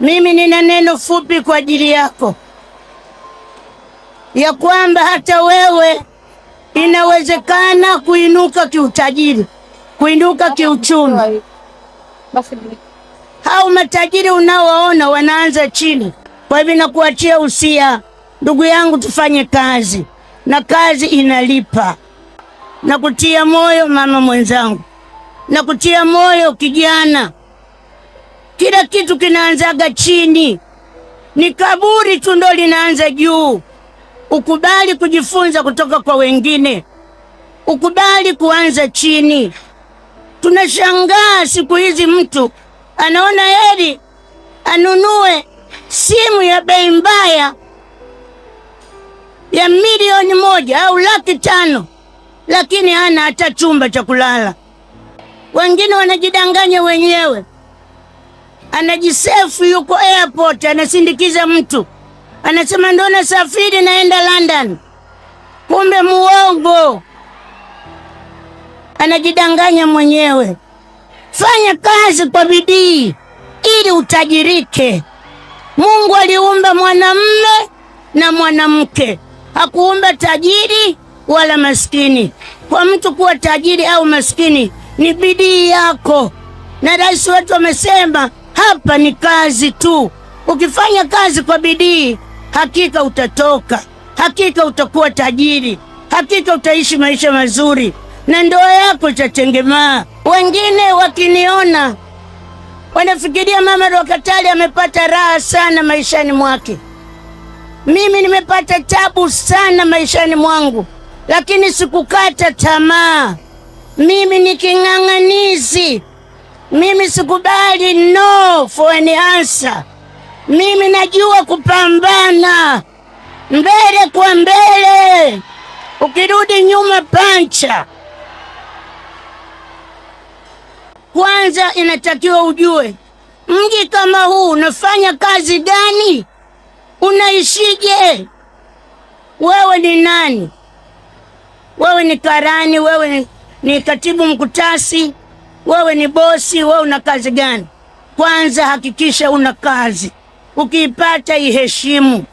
Mimi nina neno fupi kwa ajili yako, ya kwamba hata wewe inawezekana kuinuka kiutajiri, kuinuka kiuchumi. Hao matajiri unaowaona wanaanza chini. Kwa hivyo nakuachia usia, ndugu yangu, tufanye kazi na kazi inalipa. Nakutia moyo mama mwenzangu, nakutia moyo kijana. Kila kitu kinaanzaga chini, ni kaburi tu ndo linaanza juu. Ukubali kujifunza kutoka kwa wengine, ukubali kuanza chini. Tunashangaa siku hizi mtu anaona heri anunue simu ya bei mbaya ya milioni moja au laki tano, lakini hana hata chumba cha kulala. Wengine wanajidanganya wenyewe anajisefu, yuko airport, anasindikiza mtu, anasema ndo nasafiri naenda London, kumbe muongo, anajidanganya mwenyewe. Fanya kazi kwa bidii ili utajirike. Mungu aliumba mwanamme na mwanamke, hakuumba tajiri wala maskini. Kwa mtu kuwa tajiri au maskini ni bidii yako, na rais wetu amesema hapa ni kazi tu. Ukifanya kazi kwa bidii, hakika utatoka, hakika utakuwa tajiri, hakika utaishi maisha mazuri na ndoa yako itatengemaa. Wengine wakiniona wanafikiria Mama Rwakatare amepata raha sana maishani mwake. Mimi nimepata tabu sana maishani mwangu, lakini sikukata tamaa. Mimi ni king'ang'anizi. Mimi sikubali no for an answer. Mimi najua kupambana mbele kwa mbele, ukirudi nyuma pancha. Kwanza inatakiwa ujue mji kama huu unafanya kazi gani, unaishije, wewe ni nani? Wewe ni karani? Wewe ni, ni katibu mkutasi wewe ni bosi, wewe una kazi gani? Kwanza hakikisha una kazi, ukiipata iheshimu.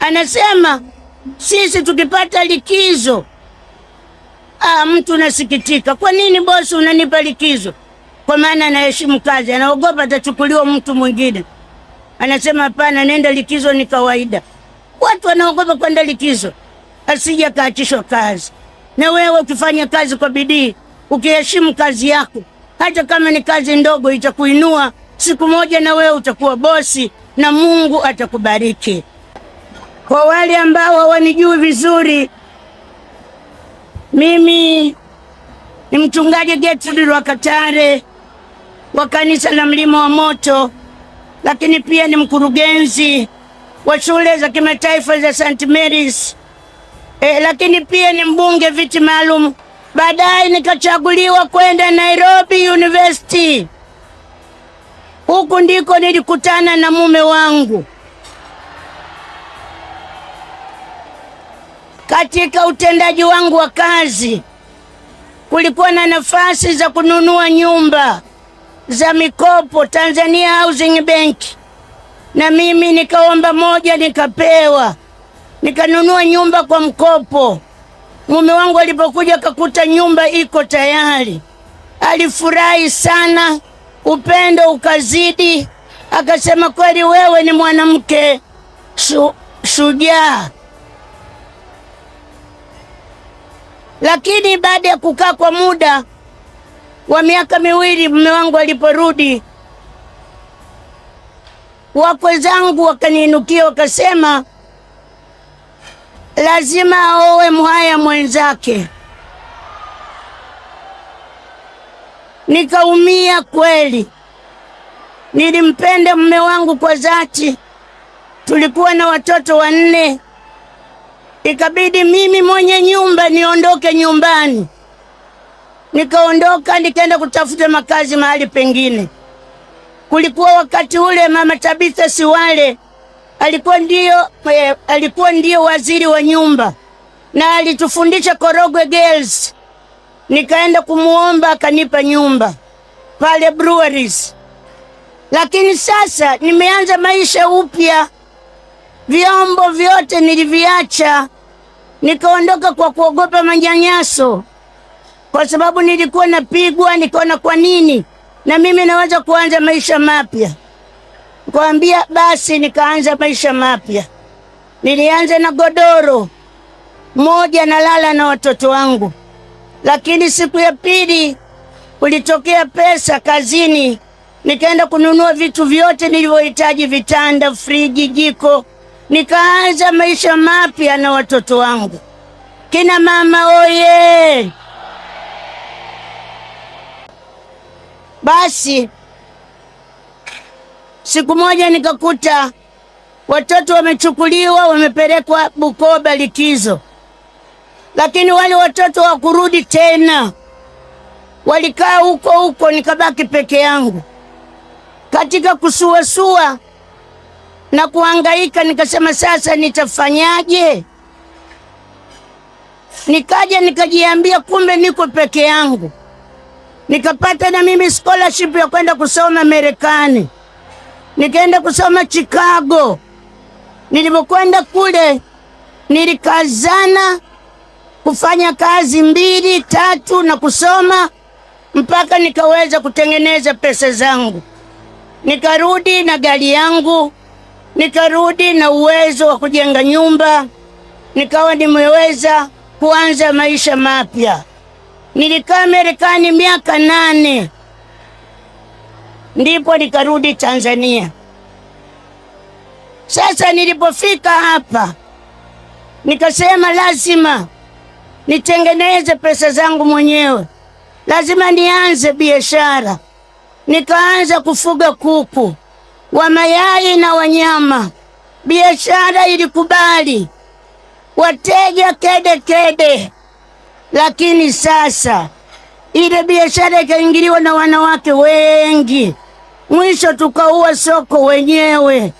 Anasema sisi tukipata likizo Ah, mtu unasikitika, kwa nini bosi unanipa likizo? Kwa maana anaheshimu kazi, anaogopa atachukuliwa mtu mwingine. Anasema hapana, nenda likizo, ni kawaida. Watu wanaogopa kwenda likizo, asije akaachishwa kazi. Na wewe ukifanya kazi kwa bidii, ukiheshimu kazi yako, hata kama ni kazi ndogo, itakuinua siku moja, na wewe utakuwa bosi na Mungu atakubariki. Kwa wale ambao hawanijui vizuri, mimi ni mchungaji Gertrude Rwakatare wa kanisa la Mlima wa Moto, lakini pia ni mkurugenzi wa shule za kimataifa za St. Mary's. E, lakini pia ni mbunge viti maalum Baadaye nikachaguliwa kwenda Nairobi University. Huku ndiko nilikutana na mume wangu. Katika utendaji wangu wa kazi kulikuwa na nafasi za kununua nyumba za mikopo Tanzania Housing Bank, na mimi nikaomba moja nikapewa, nikanunua nyumba kwa mkopo. Mume wangu alipokuja akakuta nyumba iko tayari, alifurahi sana, upendo ukazidi, akasema kweli wewe ni mwanamke shu, shujaa. Lakini baada ya kukaa kwa muda wa miaka miwili, mume wangu aliporudi, wakwe zangu wakaniinukia wakasema lazima aowe mhaya mwenzake. Nikaumia kweli. Nilimpenda mume wangu kwa dhati, tulikuwa na watoto wanne. Ikabidi mimi mwenye nyumba niondoke nyumbani, nikaondoka nikaenda kutafuta makazi mahali pengine. Kulikuwa wakati ule mama Tabitha Siwale alikuwa ndio, eh, alikuwa ndio waziri wa nyumba na alitufundisha Korogwe Girls. Nikaenda kumuomba akanipa nyumba pale breweries, lakini sasa nimeanza maisha upya. Vyombo vyote niliviacha, nikaondoka kwa kuogopa manyanyaso, kwa sababu nilikuwa napigwa. Nikaona kwa nini na mimi naweza kuanza maisha mapya. Nikamwambia basi, nikaanza maisha mapya. Nilianza na godoro moja, nalala na watoto wangu. Lakini siku ya pili kulitokea pesa kazini, nikaenda kununua vitu vyote nilivyohitaji: vitanda, friji, jiko. Nikaanza maisha mapya na watoto wangu. Kina mama oye! Basi Siku moja nikakuta watoto wamechukuliwa wamepelekwa Bukoba likizo, lakini wale watoto hawakurudi tena, walikaa huko huko, nikabaki peke yangu. Katika kusuasua na kuhangaika, nikasema sasa nitafanyaje? Nikaja nikajiambia kumbe niko peke yangu, nikapata na mimi scholarship ya kwenda kusoma Marekani nikaenda kusoma Chicago. Nilipokwenda kule, nilikazana kufanya kazi mbili tatu na kusoma mpaka nikaweza kutengeneza pesa zangu. Nikarudi na gari yangu, nikarudi na uwezo wa kujenga nyumba, nikawa nimeweza kuanza maisha mapya. Nilikaa Marekani miaka nane ndipo nikarudi Tanzania. Sasa nilipofika hapa, nikasema lazima nitengeneze pesa zangu mwenyewe, lazima nianze biashara. Nikaanza kufuga kuku wa mayai na wanyama. Biashara ilikubali wateja kede kede, lakini sasa ile biashara ikaingiliwa na wanawake wengi, mwisho tukaua soko wenyewe,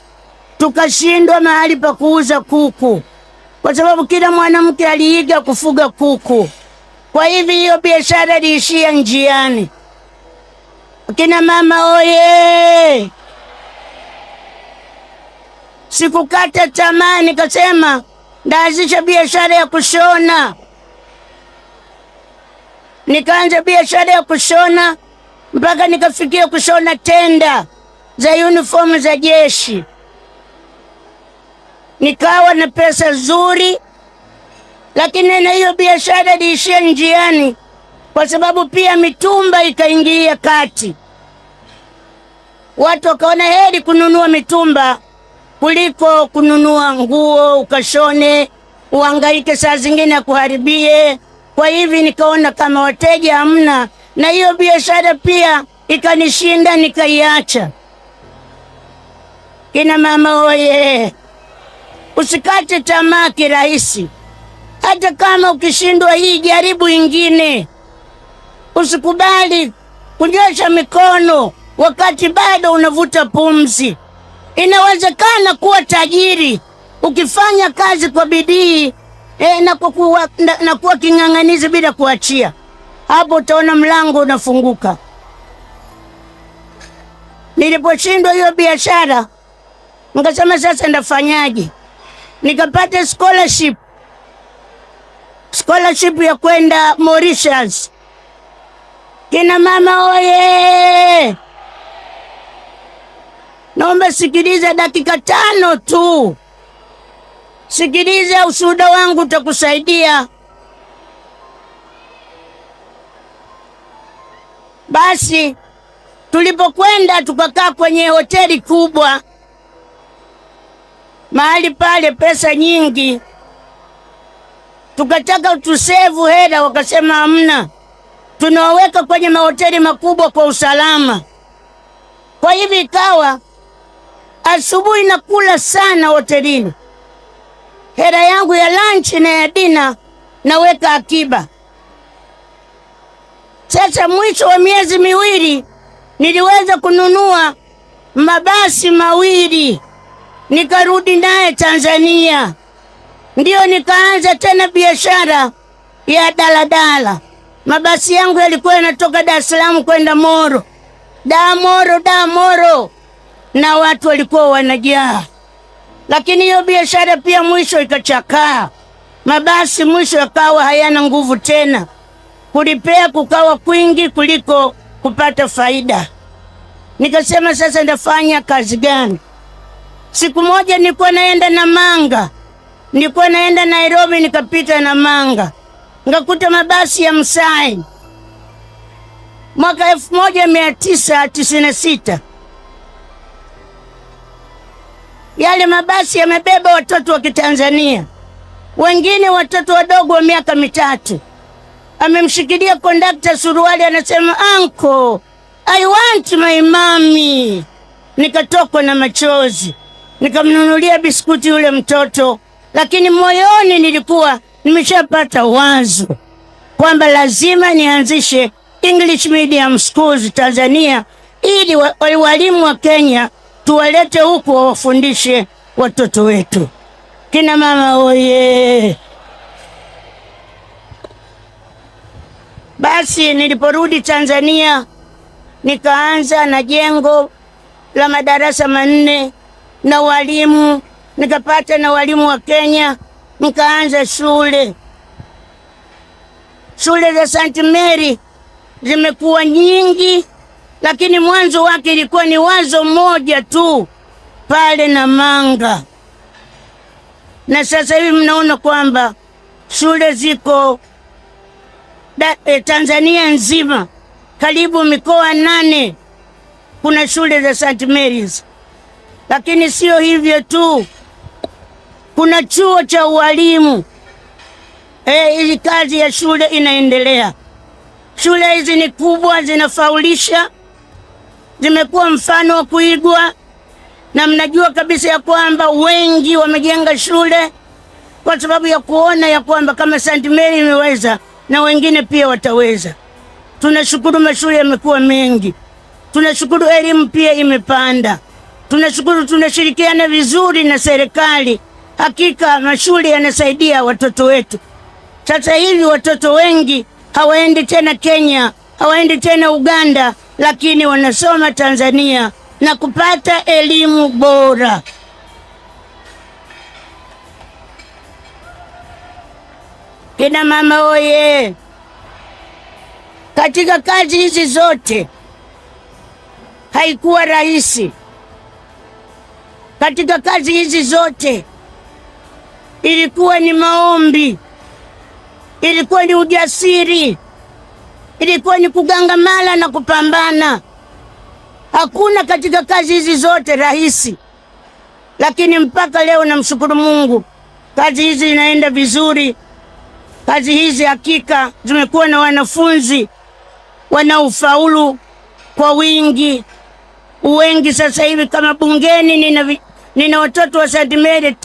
tukashindwa mahali pa kuuza kuku, kwa sababu kila mwanamke aliiga kufuga kuku. Kwa hivi hiyo biashara iliishia njiani. Akina mama oye! Sikukata tamaa, nikasema ndaanzisha biashara ya kushona nikaanza biashara ya kushona mpaka nikafikia kushona tenda za uniform za jeshi. Nikawa na pesa nzuri, lakini na hiyo biashara iliishia njiani, kwa sababu pia mitumba ikaingia kati. Watu wakaona heri kununua mitumba kuliko kununua nguo ukashone uhangaike, saa zingine kuharibie. Kwa hivi nikaona kama wateja hamna, na hiyo biashara pia ikanishinda, nikaiacha. Kina mama oye, usikate tamaa kirahisi. Hata kama ukishindwa hii, jaribu ingine. Usikubali kunyosha mikono wakati bado unavuta pumzi. Inawezekana kuwa tajiri ukifanya kazi kwa bidii e, nakuwa na, na king'ang'anizi bila kuachia, hapo utaona mlango unafunguka. Niliposhindwa hiyo biashara, nikasema sasa ndafanyaje? Nikapata scholarship scholarship ya kwenda Mauritius. Kina mama oye, naomba sikiliza dakika tano tu. Sikiliza, ushuhuda wangu utakusaidia. Basi tulipokwenda tukakaa kwenye hoteli kubwa, mahali pale pesa nyingi, tukataka tusevu hela, wakasema hamna, tunaweka kwenye mahoteli makubwa kwa usalama. Kwa hivyo ikawa asubuhi nakula sana hotelini hela yangu ya lunch na ya dina naweka akiba. Sasa mwisho wa miezi miwili niliweza kununua mabasi mawili nikarudi naye Tanzania, ndiyo nikaanza tena biashara ya daladala. Mabasi yangu yalikuwa yanatoka Dar es Salaam kwenda Moro, da Moro, da Moro, na watu walikuwa wanajaa lakini hiyo biashara pia mwisho ikachakaa. Mabasi mwisho yakawa hayana nguvu tena, kulipea kukawa kwingi kuliko kupata faida. Nikasema sasa ndafanya kazi gani? Siku moja nilikuwa naenda manga nilikuwa naenda Nairobi, nikapita na manga ngakuta mabasi ya Msai mwaka elfu moja mia tisa tisini na sita yale mabasi yamebeba watoto wa Kitanzania, wengine watoto wadogo wa miaka mitatu. Amemshikilia kondakta suruali, anasema anko, I want my mami. Nikatokwa na machozi, nikamnunulia biskuti yule mtoto, lakini moyoni nilikuwa nimeshapata wazo kwamba lazima nianzishe English medium schools Tanzania ili walimu wa Kenya tuwalete huku wawafundishe watoto wetu. Kina mama oye! Basi niliporudi Tanzania nikaanza na jengo la madarasa manne na walimu, nikapata na walimu wa Kenya, nikaanza shule. Shule za St. Mary zimekuwa nyingi lakini mwanzo wake ilikuwa ni wazo moja tu pale na manga na sasa hivi mnaona kwamba shule ziko da, e, Tanzania nzima karibu mikoa nane kuna shule za St. Mary's. Lakini sio hivyo tu, kuna chuo cha ualimu e, ili kazi ya shule inaendelea. Shule hizi ni kubwa, zinafaulisha zimekuwa mfano wa kuigwa, na mnajua kabisa ya kwamba wengi wamejenga shule kwa sababu ya kuona ya kwamba kama St. Mary imeweza na wengine pia wataweza. Tunashukuru mashule yamekuwa mengi, tunashukuru elimu pia imepanda, tunashukuru tunashirikiana vizuri na serikali. Hakika mashule yanasaidia watoto wetu. Sasa hivi watoto wengi hawaendi tena Kenya, hawaendi tena Uganda, lakini wanasoma Tanzania na kupata elimu bora. Kina mama oye! Katika kazi hizi zote haikuwa rahisi. Katika kazi hizi zote ilikuwa ni maombi, ilikuwa ni ujasiri, ilikuwa ni kugangamala na kupambana. Hakuna katika kazi hizi zote rahisi, lakini mpaka leo namshukuru Mungu, kazi hizi inaenda vizuri. Kazi hizi hakika zimekuwa na wanafunzi wanaofaulu kwa wingi wengi. Sasa hivi kama bungeni nina, nina watoto wa St. Mary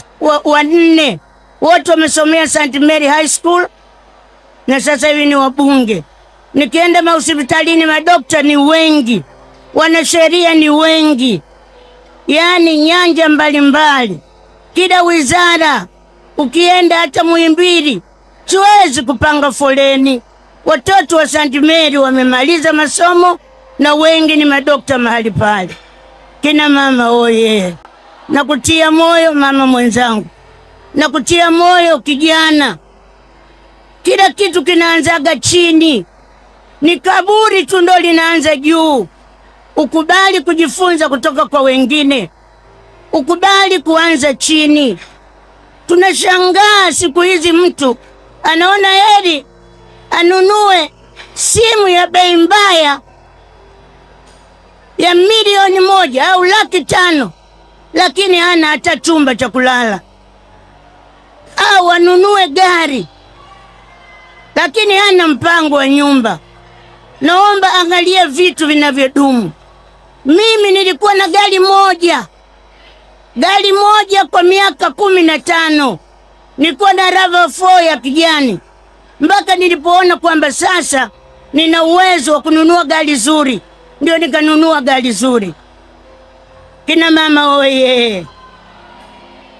wanne, wote wamesomea St. Mary High School na sasa hivi ni wabunge nikienda mahospitalini madokta ni wengi, wanasheria ni wengi, yaani nyanja mbalimbali, kila wizara. Ukienda hata Muhimbili siwezi kupanga foleni. Watoto wa St. Meri wamemaliza masomo na wengi ni madokta mahali pale. Kina mama oye, oh nakutia moyo mama mwenzangu, nakutia moyo kijana. Kila kitu kinaanzaga chini ni kaburi tu ndo linaanza juu. Ukubali kujifunza kutoka kwa wengine, ukubali kuanza chini. Tunashangaa siku hizi mtu anaona heri anunue simu ya bei mbaya ya milioni moja au laki tano, lakini hana hata chumba cha kulala, au anunue gari, lakini hana mpango wa nyumba. Naomba angalie vitu vinavyodumu. Mimi nilikuwa na gari moja, gari moja kwa miaka kumi na tano. Nilikuwa na rava 4 ya kijani, mpaka nilipoona kwamba sasa nina uwezo wa kununua gari zuri, ndio nikanunua gari zuri. Kina mama oye!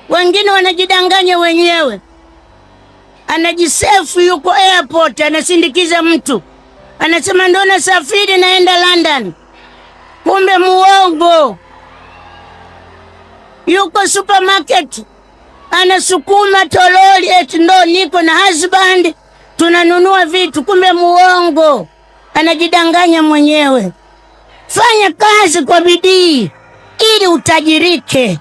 Wengine wanajidanganya wenyewe, anajisefu yuko airport, anasindikiza mtu anasema ndo nasafiri naenda London, kumbe muongo. Yuko supermarket anasukuma toroli eti ndo niko na husband tunanunua vitu, kumbe muongo, anajidanganya mwenyewe. Fanya kazi kwa bidii ili utajirike.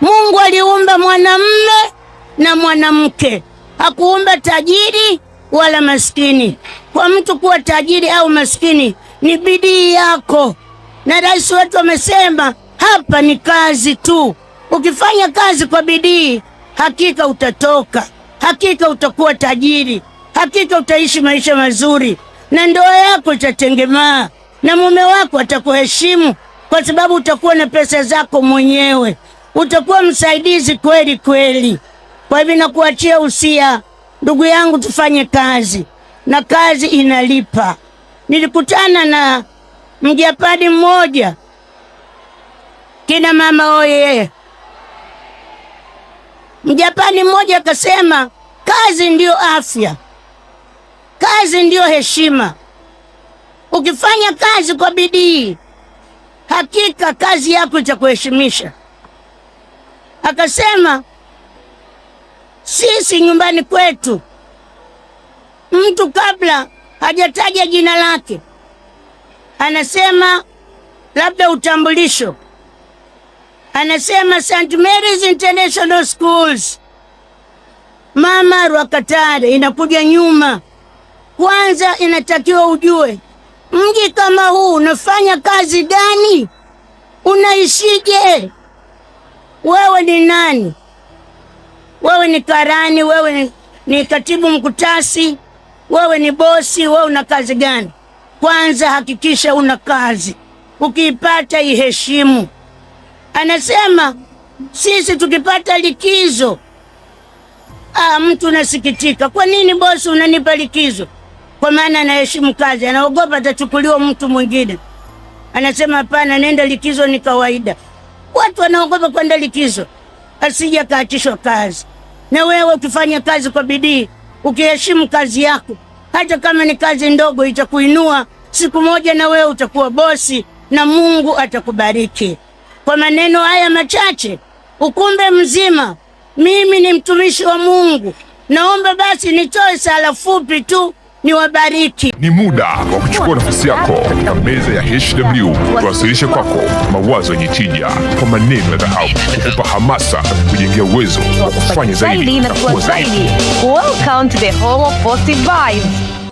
Mungu aliumba mwanamme na mwanamke, hakuumba tajiri wala maskini. Kwa mtu kuwa tajiri au maskini ni bidii yako, na rais wetu amesema hapa ni kazi tu. Ukifanya kazi kwa bidii, hakika utatoka, hakika utakuwa tajiri, hakika utaishi maisha mazuri, na ndoa yako itatengemaa, na mume wako atakuheshimu kwa sababu utakuwa na pesa zako mwenyewe, utakuwa msaidizi kweli kweli. Kwa hivyo nakuachia usia Ndugu yangu, tufanye kazi na kazi inalipa. Nilikutana na mjapani mmoja, kina mama oye, mjapani mmoja akasema, kazi ndiyo afya, kazi ndiyo heshima. Ukifanya kazi kwa bidii, hakika kazi yako itakuheshimisha. Akasema sisi nyumbani kwetu, mtu kabla hajataja jina lake anasema labda utambulisho, anasema St Mary's International Schools, mama Rwakatare inakuja nyuma. Kwanza inatakiwa ujue mji kama huu unafanya kazi gani, unaishije, wewe ni nani? wewe ni karani, wewe ni, ni katibu mkutasi, wewe ni bosi, wewe una kazi gani? Kwanza hakikisha una kazi, ukiipata iheshimu. Anasema sisi tukipata likizo Ah, mtu unasikitika, kwa nini bosi unanipa likizo? Kwa maana anaheshimu kazi, anaogopa atachukuliwa mtu mwingine. Anasema hapana, nenda likizo, ni kawaida. Watu wanaogopa kwenda likizo, asija akaachishwa kazi na wewe ukifanya kazi kwa bidii, ukiheshimu kazi yako, hata kama ni kazi ndogo, itakuinua siku moja, na wewe utakuwa bosi na Mungu atakubariki. Kwa maneno haya machache, ukumbe mzima, mimi ni mtumishi wa Mungu, naomba basi nitoe sala fupi tu wabariki. Ni muda wa kuchukua nafasi yako katika meza ya HW, tuwasilishe kwako mawazo yenye tija kwa maneno ya dhahabu, kukupa hamasa na kujengea uwezo wa kufanya zaidi na kuwa zaidi. Welcome to the home of positive vibes.